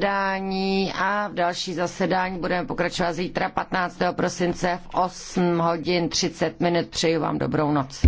zasedání a v další zasedání budeme pokračovat zítra 15. prosince v 8 hodin 30 minut. Přeji vám dobrou noc.